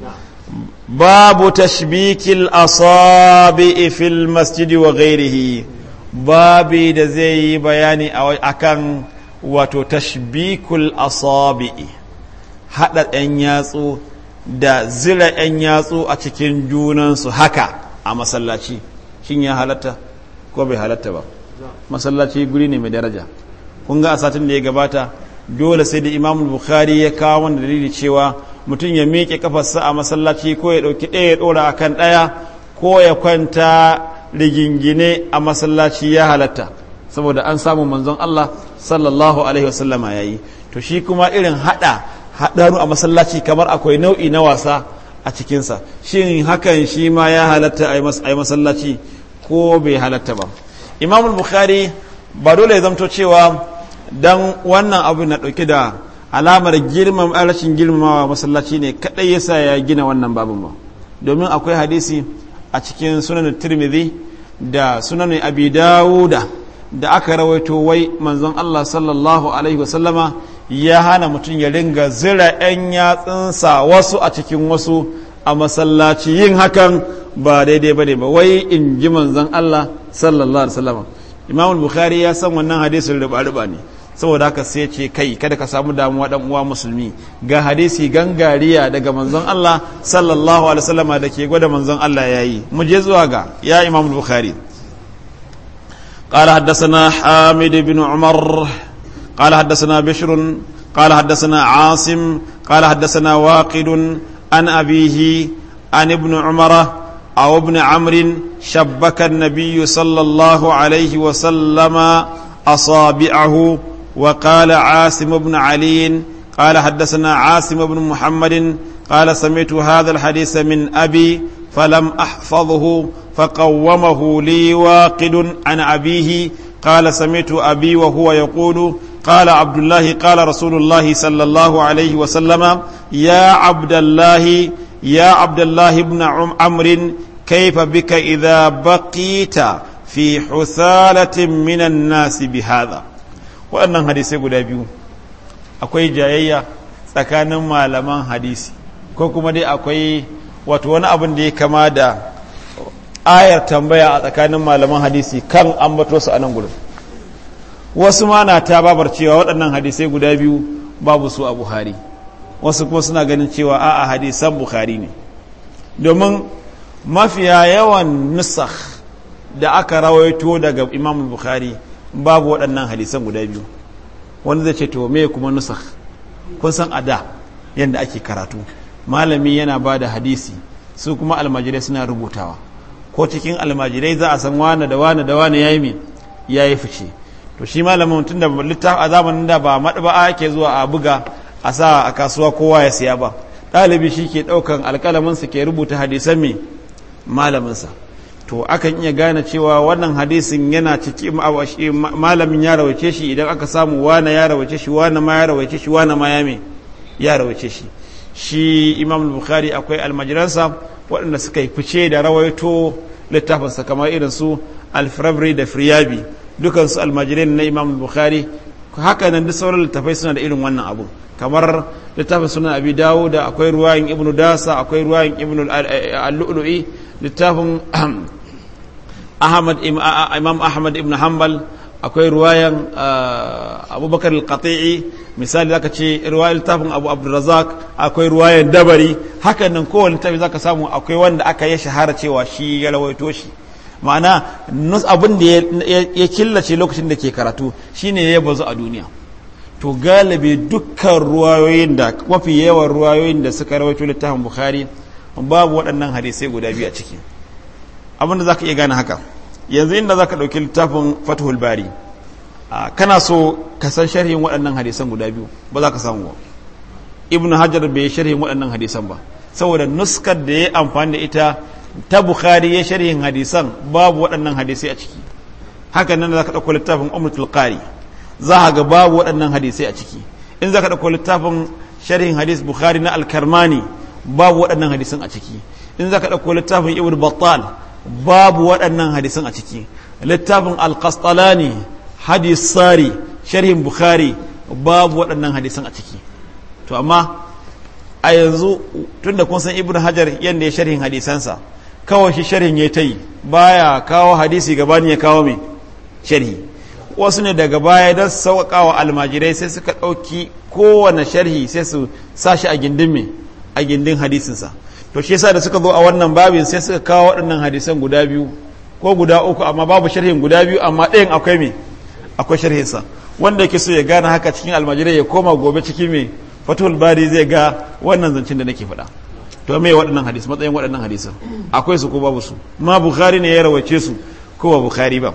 babu tashbikil asabi fil masjidi wa ghairihi babi da zai yi bayani akan wato tashbikul asabi'i haɗa ɗan yatsu da zira ɗan yatsu a cikin junansu haka a masallaci shin ya halatta ko bai halatta ba masallaci guri ne mai daraja kun ga a satin da ya gabata dole sai da imam bukhari ya kawo wanda dalili cewa mutum ya miƙe kafarsa a masallaci ko ya ɗauki ɗaya ya ɗora a kan ɗaya ko ya kwanta rigingine a masallaci ya halatta saboda an samu manzon Allah sallallahu alaihi ya yayi to shi kuma irin hada haɗaru a masallaci kamar akwai nau'i na wasa a cikinsa shin hakan shi ma ya halatta a masallaci ko bai halatta ba imamul bukhari ba dole ya zamto cewa dan wannan abu na dauke da alamar girmam rashin girmamawa masallaci ne kadai yasa ya gina wannan babin ba domin akwai hadisi a cikin sunan tirmidhi da sunan abi dawuda da aka rawaito wai manzon Allah sallallahu alaihi wasallama ya hana mutum ya ringa zira 'yan yatsunsa wasu a cikin wasu a masallaci yin hakan ba daidai ba ne ba wai in ji manzon Allah sallallahu alaihi wasallama imam bukhari ya san wannan hadisin riba-riba ne saboda haka sai ce kai kada ka samu damuwa dan uwa musulmi ga hadisi gangariya daga manzon Allah sallallahu alaihi wasallama da ke gwada manzon Allah yayi mu je zuwa ga ya imam bukhari قال حدثنا حامد بن عمر قال حدثنا بشر قال حدثنا عاصم قال حدثنا واقد عن أبيه عن ابن عمر أو ابن عمرو شبك النبي صلى الله عليه وسلم أصابعه وقال عاصم بن علي قال حدثنا عاصم بن محمد قال سمعت هذا الحديث من أبي فلم أحفظه فقومه لي واقد عن أبيه قال سمعت أبي وهو يقول قال عبد الله قال رسول الله صلى الله عليه وسلم يا عبد الله يا عبد الله بن عمر كيف بك إذا بقيت في حثالة من الناس بهذا وأن حديثي قد أبيو أكوي جاية سكان مالما hadisi كوكو مدي أكوي wato wani abin da ya kama da ayar tambaya a tsakanin malaman hadisi kan ambato su a nan gudun wasu ma na ta babar cewa waɗannan hadisai guda biyu babu su a buhari wasu kuma suna ganin cewa a a hadisan buhari ne domin mafiya yawan nusakh da aka rawaito daga imam buhari babu waɗannan hadisan guda biyu wani zai ce to me kuma nusakh kun san da yadda ake karatu malami yana ba da hadisi su kuma almajirai suna rubutawa ko cikin almajirai za a san wane da wane da wane ya yi min ya yi fice to shi malamin tun da littafin a zamanin da ba maɗaba'a ke zuwa a buga a sa a kasuwa kowa ya siya ba ɗalibi shi ke ɗaukan alƙalaminsa ke rubuta hadisan mai malaminsa to akan iya gane cewa wannan hadisin yana ciki malamin ya rawace shi idan aka samu wane ya rawace shi wane ma ya rawace shi wane ma ya ya rawace shi shi imam bukhari akwai almajiransa waɗanda suka yi fice da rawaito littafinsa kamar irin su alfarabri da firyabi dukansu almajirin na imam bukhari haka nan duk sauran littafai suna da irin wannan abu kamar littafin suna abi dawo da akwai ruwayin ibnu dasa akwai ruwayin ibnu al-lu'lu'i littafin ahmad imam ahmad ibnu hanbal akwai ruwayan ah, abubakar al-qati'i misali zaka ce ruwayan littafin abu abdurrazak akwai ruwayan dabari hakan nan kowane littafi zaka samu akwai wanda aka yi shahara cewa shi ya rawaito shi ma'ana nus abin da ya killace lokacin da ke karatu shine ya bazu a duniya to galibi dukkan ruwayoyin da mafi yawan ruwayoyin da suka rawaito littafin bukhari babu waɗannan hadisai guda biyu a ciki abin da zaka iya gane haka yanzu inda za ka ɗauki littafin fathul bari kana so ka san sharhin waɗannan hadisan guda biyu ba za ka samu ba ibnu hajar bai yi sharhin waɗannan hadisan ba saboda nuskar da ya yi amfani da ita ta bukhari ya sharhin hadisan babu waɗannan hadisai a ciki haka nan za ka ɗauko littafin Umar qari za ka ga babu waɗannan hadisai a ciki in za ka ɗauko littafin sharhin hadis bukhari na alkarmani babu waɗannan hadisan a ciki in za ka ɗauko littafin ibn battal babu waɗannan hadisan a ciki littafin alkastalani hadis sari sharhin bukhari babu waɗannan hadisan a ciki to amma a yanzu tunda kun san ibn hajar yadda ya sharhin hadisansa kawai shi sharhin ya ta yi baya kawo hadisi gabani ya kawo mai sharhi wasu ne daga baya don wa almajirai sai suka ɗauki kowane sharhi sai su sa shi a gindin mai a gindin hadisinsa to shi yasa da suka zo a wannan babin sai suka kawo waɗannan hadisan guda biyu ko guda uku amma babu sharhin guda biyu amma ɗayan akwai me akwai sharhinsa wanda yake so ya gane haka cikin almajirai ya koma gobe cikin me fatul bari zai ga wannan zancen da nake faɗa to me waɗannan hadis matsayin waɗannan hadisan akwai su ko babu su ma bukhari ne ya rawace su ko ba bukhari ba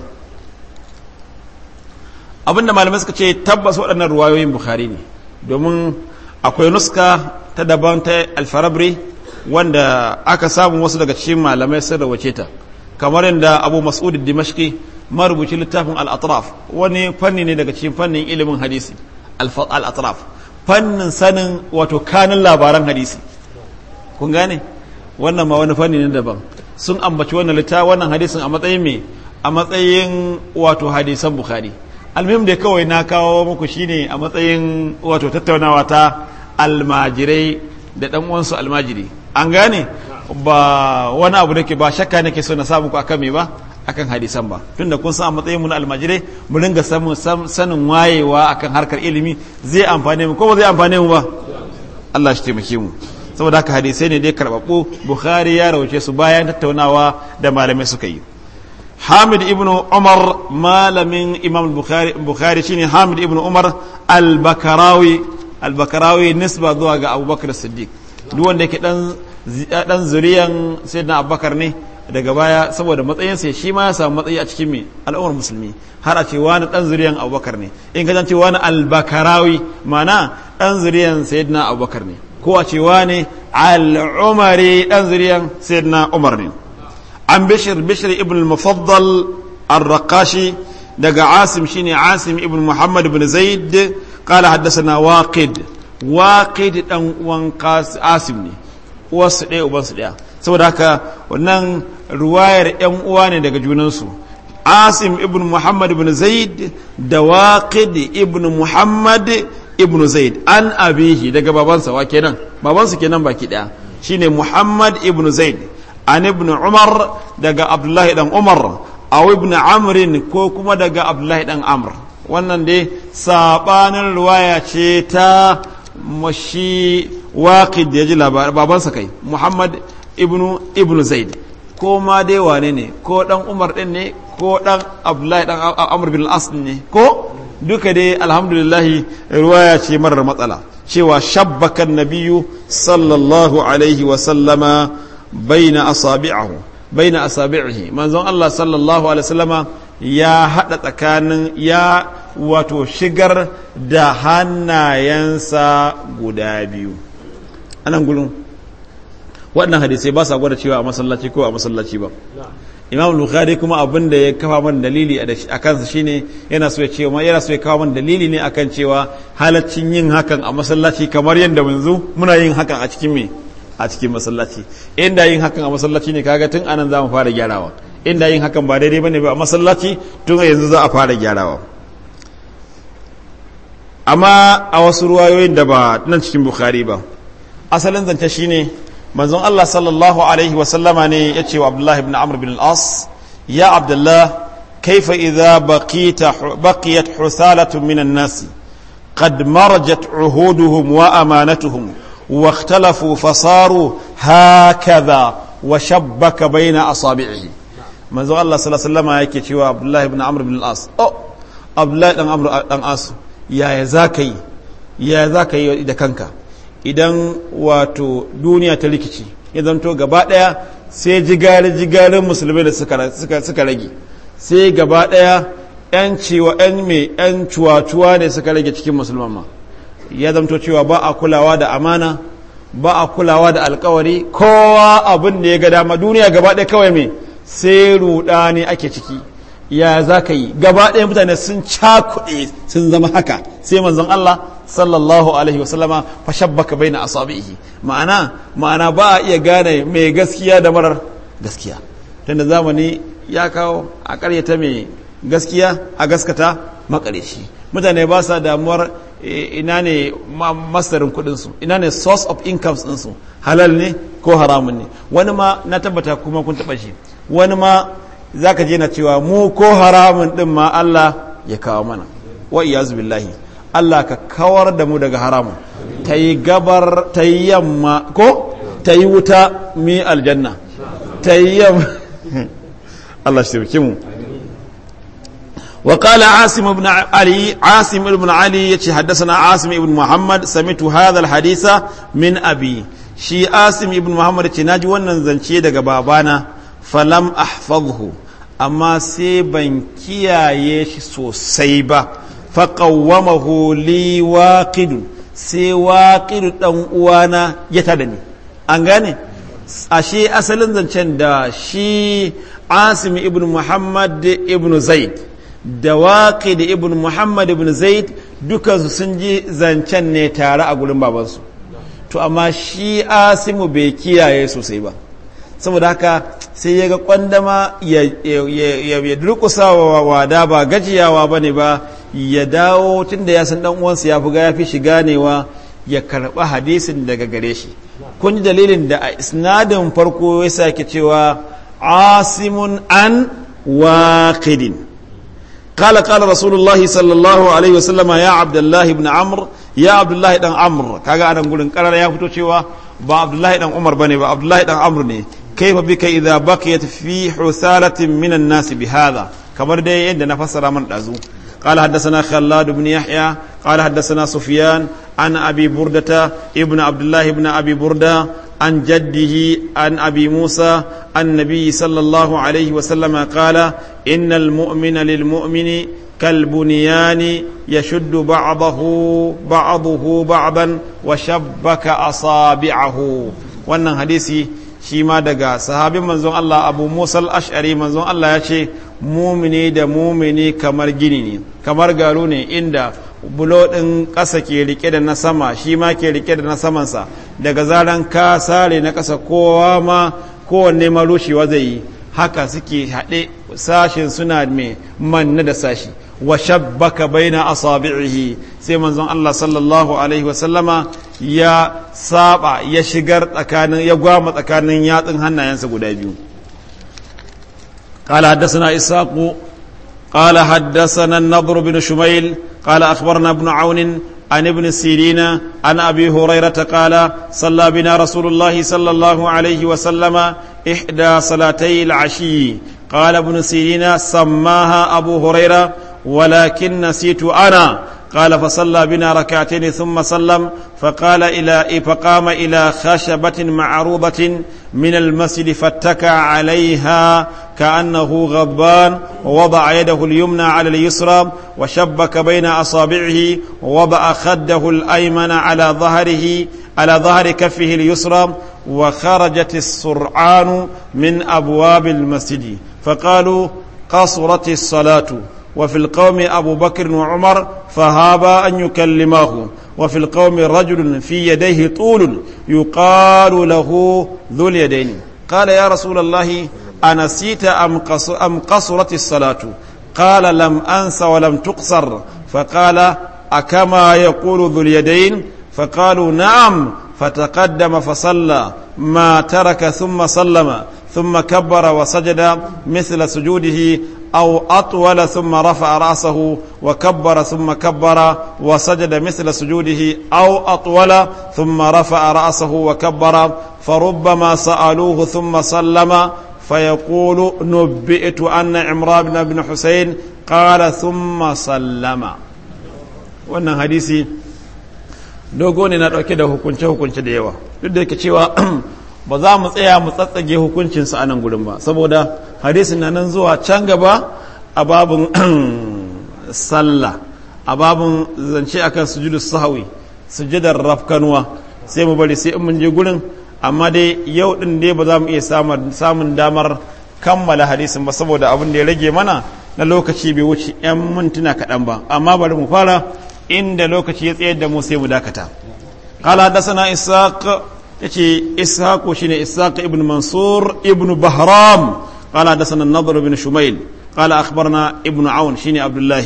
abinda malamai suka ce tabbas waɗannan ruwayoyin bukhari ne domin akwai nuska ta daban ta alfarabri wanda aka samu wasu daga cikin malamai sun rawace ta kamar yadda abu mas'ud dimashki marubucin littafin al-atraf wani fanni ne daga cikin fannin ilimin hadisi al-atraf fannin sanin wato kanin labaran hadisi kun gane wannan ma wani fanni ne daban sun ambaci wannan littafin wannan hadisin a matsayin me a matsayin wato hadisan bukhari almihim da kawai na kawo muku shine a matsayin wato tattaunawa ta almajirai da dan uwansu almajiri an gane ba wani abu da ke ba shakka nake so na samu ku akan me ba akan hadisan ba tunda kun san a matsayin mu na almajirai mu ringa sanin wayewa akan harkar ilimi zai amfane mu ko ba zai amfane mu ba Allah shi taimake mu saboda haka hadisai ne dai karbabbo Bukhari ya rawace su bayan tattaunawa da malamai suka yi Hamid ibn Umar malamin Imam Bukhari Bukhari shine Hamid ibn Umar al-Bakarawi al-Bakarawi nisba zuwa ga Abubakar Siddiq duk wanda yake eh, dan zuriyan sayyidina abubakar ne daga baya saboda sai shi ma ya samu matsayi a cikin mai al'ummar musulmi har a ce wani dan zuriyan abubakar ne in ka ce wani albakarawi mana dan zuriyan sayyidina abubakar ne ko a ce wani al'umari dan zuriyan sayyidina umar ne an bishir bishir ibn al-mufaddal daga asim shine asim ibn muhammad ibn zaid qala na waqid waƙid ɗan uwan asim ne uwarsu ɗaya ubansu ɗaya saboda haka wannan ruwayar ‘yan uwa ne daga junansu asim ibn muhammad ibn zaid da waƙid ibn muhammad ibn zaid an abihi daga babansa wa kenan babansa kenan baki ɗaya shine muhammad ibn zaid an ibn umar daga abdullahi dan umar aw ibn amrin ko kuma daga abdullahi dan amr wannan dai sabanin ruwaya ce ta mashi waƙid da ya ji babansa kai muhammad ibnu ibnu zaid ko ma dai wane ne ko dan umar din ne ko dan abdullahi dan amr bin al-as ne ko duka dai alhamdulillah ruwaya ce marar matsala cewa shabbakan nabiyu sallallahu alaihi wa sallama baina asabi'ahu baina asabi'ihi manzon Allah sallallahu alaihi wa sallama ya haɗa tsakanin ya wato shigar da hannayensa guda biyu anan gudun. waɗannan hadisai ba sa gwada cewa a masallaci ko a masallaci ba imam bukhari kuma abin da ya kafa man dalili a kansa shine yana so ya ce ma yana so ya kawo man dalili ne akan cewa halaccin yin hakan a masallaci kamar yadda yanzu muna yin hakan a cikin a cikin masallaci inda yin hakan a masallaci ne kaga tun anan mu fara gyarawa inda yin hakan ba daidai bane ba a masallaci tun yanzu za a fara gyarawa amma a wasu ruwayoyin da ba nan cikin bukhari ba asalin zance shine manzon Allah sallallahu alaihi wa sallama ne ya ce wa Abdullah ibn Amr bin al-As ya Abdullah kaifa idza baqita baqiyat husalatu min an-nas qad marajat uhuduhum wa amanatuhum fasaru فصاروا wa shabbaka بين أصابعه manzo Allah sallallahu alaihi wasallam yake cewa Abdullahi ibn Amr ibn al-As oh Abdullahi dan Amr dan As yaya zaka yi yaya zakai da kanka idan wato duniya ta rikici ya zanto gaba daya sai jigare jigarin musulmi da suka rage sai gaba daya ɗan cewa yan me yan cuwa ne suka rage cikin musulman ya zanto cewa ba a kulawa da amana ba a kulawa da alkawari kowa abin da ya ga dama duniya gaba daya kawai me sai rudani ake ciki ya za ka yi gaba ɗaya mutane sun cakuɗe sun zama haka sai manzon Allah sallallahu alaihi wasallama fashabbaka bai na asabihi ma'ana ma'ana ba a iya gane mai gaskiya da marar gaskiya tunda zamani ya kawo a ƙaryata mai gaskiya a gaskata shi mutane ba sa damuwar eh, ina ne masarin kudinsu ina ne source of incomes ɗinsu halal ne ko haramun ne wani ma na tabbata kuma kun taɓa shi wani ma za ka je na cewa mu ko haramun ɗin ma Allah ya kawo mana wa iyazu billahi Allah ka kawar da mu daga haramun ta yi gabar ta yi yamma ko ta yi wuta mi aljanna ta yi yamma Allah shi mu وقال عاصم بن علي عاصم بن علي حدثنا عاصم بن محمد سمعت هذا الحديث من أبي شي عاصم بن محمد ناجي wannan zance daga babana falam ahfazhu amma sai ban kiyaye shi sosai ba faqawwamahu li waqid sai waqid dan uwana ya tada ni an gane ashe asalin zancen da shi asim ibn muhammad ibn zaid da waƙi da ibn muhammad ibn zaid dukansu sun ji zancen ne tare a gurin babansu to amma shi asimu bai kiyaye sosai ba saboda haka sai ya ga kwandama ya durkusa wa wada ba gajiyawa ba ne ba ya dawo tun da ya san dan ya fuga ya fi shi ganewa ya karɓa hadisin daga gare shi kun ji dalilin da a isnadin farko ya sake cewa asimun an waƙidin قال قال رسول الله صلى الله عليه وسلم يا عبد الله بن عمرو يا عبد الله بن عمرو كاغا انا نقول قرر يا فتو cewa ba عبد الله بن عمر بني ba عبد الله بن عمرو ne كيف بك اذا بقيت في حثاله من الناس بهذا kamar dai yadda na fassara man dazu قال حدثنا خلاد بن يحيى قال حدثنا سفيان عن أبي بردة ابن عبد الله بن أبي بردة عن جده عن أبي موسى النبي صلى الله عليه وسلم قال إن المؤمن للمؤمن كالبنيان يشد بعضه بعضه بعضا وشبك أصابعه wannan hadisi shi ma daga sahabin manzon Allah Abu Musa al-Ash'ari manzon Allah ya ce mumini da mumini kamar gini ne kamar garu ne inda bulo ɗin ƙasa ke rike da na sama shi ma ke rike da na samansa daga zaran ka sare na kasa kowa ma kowanne ma rushe zai yi haka suke haɗe sashin suna mai manna da sashi wa shabbaka baina asabi'ihi sai manzon Allah sallallahu alaihi wa sallama ya saba ya shigar tsakanin ya gwama tsakanin yatsun hannayensa guda biyu قال حدثنا إساق قال حدثنا النضر بن شميل قال أخبرنا ابن عون عن ابن سيرين عن أبي هريرة قال صلى بنا رسول الله صلى الله عليه وسلم إحدى صلاتي العشي قال ابن سيرين سماها أبو هريرة ولكن نسيت أنا قال فصلى بنا ركعتين ثم سلم فقال إلى فقام إلى خشبة معروضة من المسجد فاتكى عليها كأنه غضبان ووضع يده اليمنى على اليسرى وشبك بين أصابعه ووضع خده الأيمن على ظهره على ظهر كفه اليسرى وخرجت السرعان من أبواب المسجد فقالوا قصرت الصلاة وفي القوم أبو بكر وعمر فهابا أن يكلماه وفي القوم رجل في يديه طول يقال له ذو اليدين قال يا رسول الله أنسيت أم, قصر أم قصرت الصلاة قال لم أنس ولم تقصر فقال أكما يقول ذو اليدين فقالوا نعم فتقدم فصلى ما ترك ثم سلم ثم كبر وسجد مثل سجوده أو أطول ثم رفع رأسه وكبر ثم كبر وسجد مثل سجوده أو أطول ثم رفع رأسه وكبر فربما سألوه ثم سلم فيقول نبئت أن عمران بن حسين قال ثم سلم wannan hadisi dogo ne na ɗauke da hukunce-hukunce da yawa duk da yake cewa ba za mu tsaya mu tsatsage hukuncinsa a nan gurin ba saboda hadisin na nan zuwa can gaba a babin sallah a babin zance akan sujudu sahawi sujudar rafkanuwa sai mu bari sai in mun je gurin amma dai yau din dai ba za mu iya samun damar kammala hadisin ba saboda abin da ya rage mana na lokaci bai wuce 'yan mintuna kaɗan ba amma bari mu fara inda lokaci ya tsayar da mu sai mu dakata قال حدثنا إساق yace ishaq shine ishaq ibn mansur ibn bahram qala dasana nadr ibn shumail qala akhbarna ibn aun shine abdullah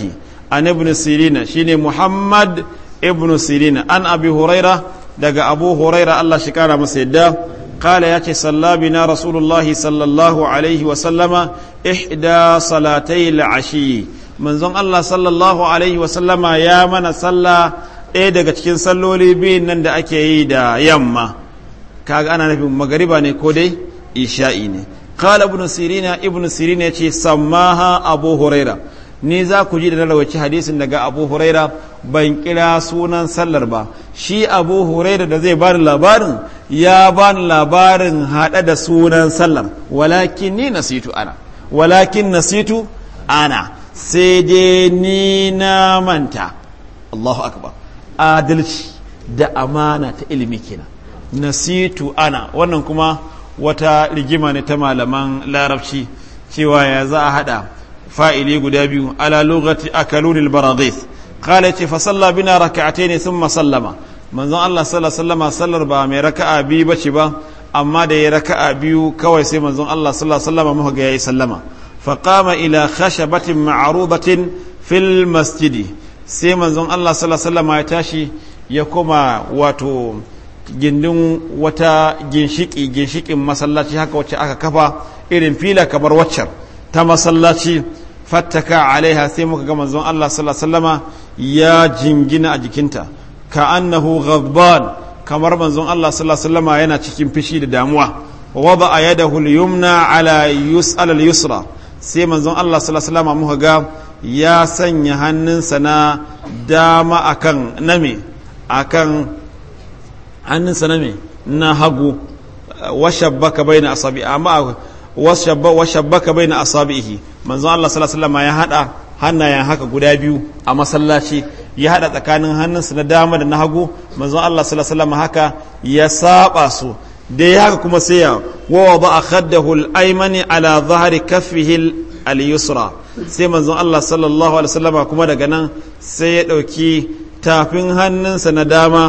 an ibn sirina shine muhammad ibn sirina an abi huraira daga abu huraira allah shi kara masa yadda qala yace sallabi na rasulullahi sallallahu alaihi wa sallama ihda salatai al-ashi manzon allah sallallahu alaihi wa sallama ya mana sallah ɗaya daga cikin salloli biyun nan da ake yi da yamma kaga ana nufin magariba ne ko dai isha'i ne qala ibn sirina ibn sirina yace sammaha abu huraira ni za ku ji da rawaci hadisin daga abu huraira ban kira sunan sallar ba shi abu huraira da zai bani labarin ya bani labarin hada da sunan sallar walakin ni nasitu ana walakin nasitu ana sai dai ni na manta Allahu akbar adalci da amana ta ilimi kenan nasitu ana wannan kuma wata rigima ne ta malaman larabci cewa ya za a hada fa'ili guda biyu ala lugati akalunil baradis qala ce fa salla bina ne thumma sallama manzon Allah sallallahu sallar ba mai raka'a biyu bace ba amma da ya raka'a biyu kawai sai manzon Allah sallallahu alaihi wasallama muka ga sallama fa ila khashabatin ma'arubatin fil masjidi sai manzon Allah sallallahu alaihi ya tashi ya koma wato gindin wata ginshiki ginshikin masallaci haka wacce aka kafa irin fila kamar waccan ta masallaci fattaka alaiha sai muka ga manzon Allah sallallahu alaihi wasallama ya jingina a jikinta ka annahu ghadban kamar manzon Allah sallallahu alaihi wasallama yana cikin fishi da damuwa wada yadahu al-yumna ala yus'al al-yusra sai manzon Allah sallallahu alaihi wasallama muka ga ya sanya hannunsa na dama akan name akan hannunsa na me na hagu washabbaka baina asabi amma washabba washabbaka baina asabihi manzon Allah sallallahu alaihi wasallam ya hada hannayen haka guda biyu a masallaci ya hada tsakanin hannunsa na dama da na hagu manzon Allah sallallahu alaihi wasallam haka ya saba su da ya haka kuma sai ya wa wada khaddahu al-aymani ala dhahri kaffihi al-yusra sai manzon Allah sallallahu alaihi wasallam kuma daga nan sai ya dauki tafin hannunsa na dama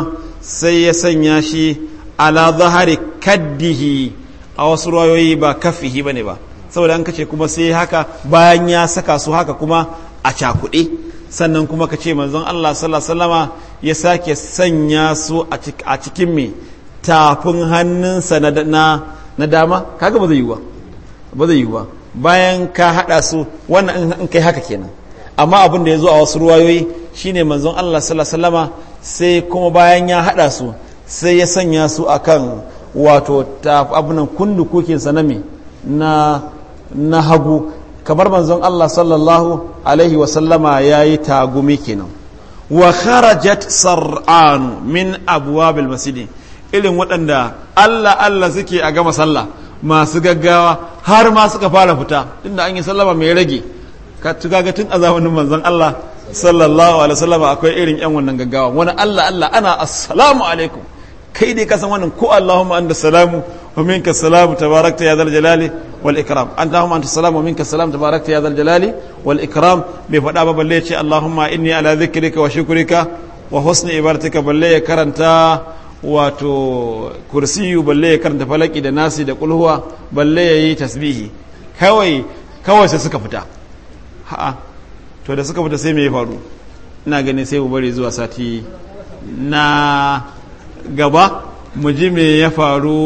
sai ya sanya shi ala zahari kaddihi a wasu ruwayoyi ba kafihi bane ba saboda an kace kuma sai haka bayan ya saka su haka kuma a cakuɗe sannan kuma ka ce manzon Allah sallallahu ya sake sanya su a cikin mai tafin hannunsa na dama kaga ba zai yi ba bayan ka hada su wannan in kai haka kenan amma abin da ya zo a wasu ruwayoyi shine manzon Allah sallallahu sai kuma bayan ya hada su sai ya sanya su akan wato abunan kundu kukin na na na hagu kamar manzon Allah sallallahu alaihi wasallama ya yi tagumi kenan wa kharajat sar'an min abwabil masjid irin waɗanda Allah Allah suke a gama sallah masu gaggawa har ma suka fara fita tunda an yi sallama mai rage ka tuga tun a zamanin manzon Allah sallallahu alaihi wasallam akwai irin yan wannan gaggawa wani Allah Allah ana assalamu alaikum kai dai san wannan ko Allahumma anta salamu wa minka salamu tabarakta ya zal jalali wal ikram Allahumma anta salamu wa minka salamu tabarakta ya zal jalali wal ikram bai fada ba balle ce Allahumma inni ala dhikrika wa shukrika wa husni ibadatika balle ya karanta wato kursiyu balle ya karanta falaki da nasi da kulhuwa balle ya yi tasbihi kawai kawai sai suka fita ha'a to da suka fita sai me ya faru ina ganin sai mu bari zuwa sati na gaba mu ji me ya faru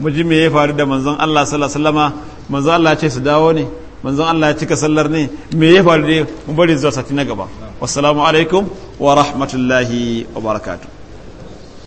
mu ji me ya faru da manzon Allah sallallahu alaihi wasallama Allah ya ce su dawo ne manzon Allah ya cika sallar ne me ya faru ne mu bari zuwa sati na gaba wassalamu alaikum wa rahmatullahi wa barakatu.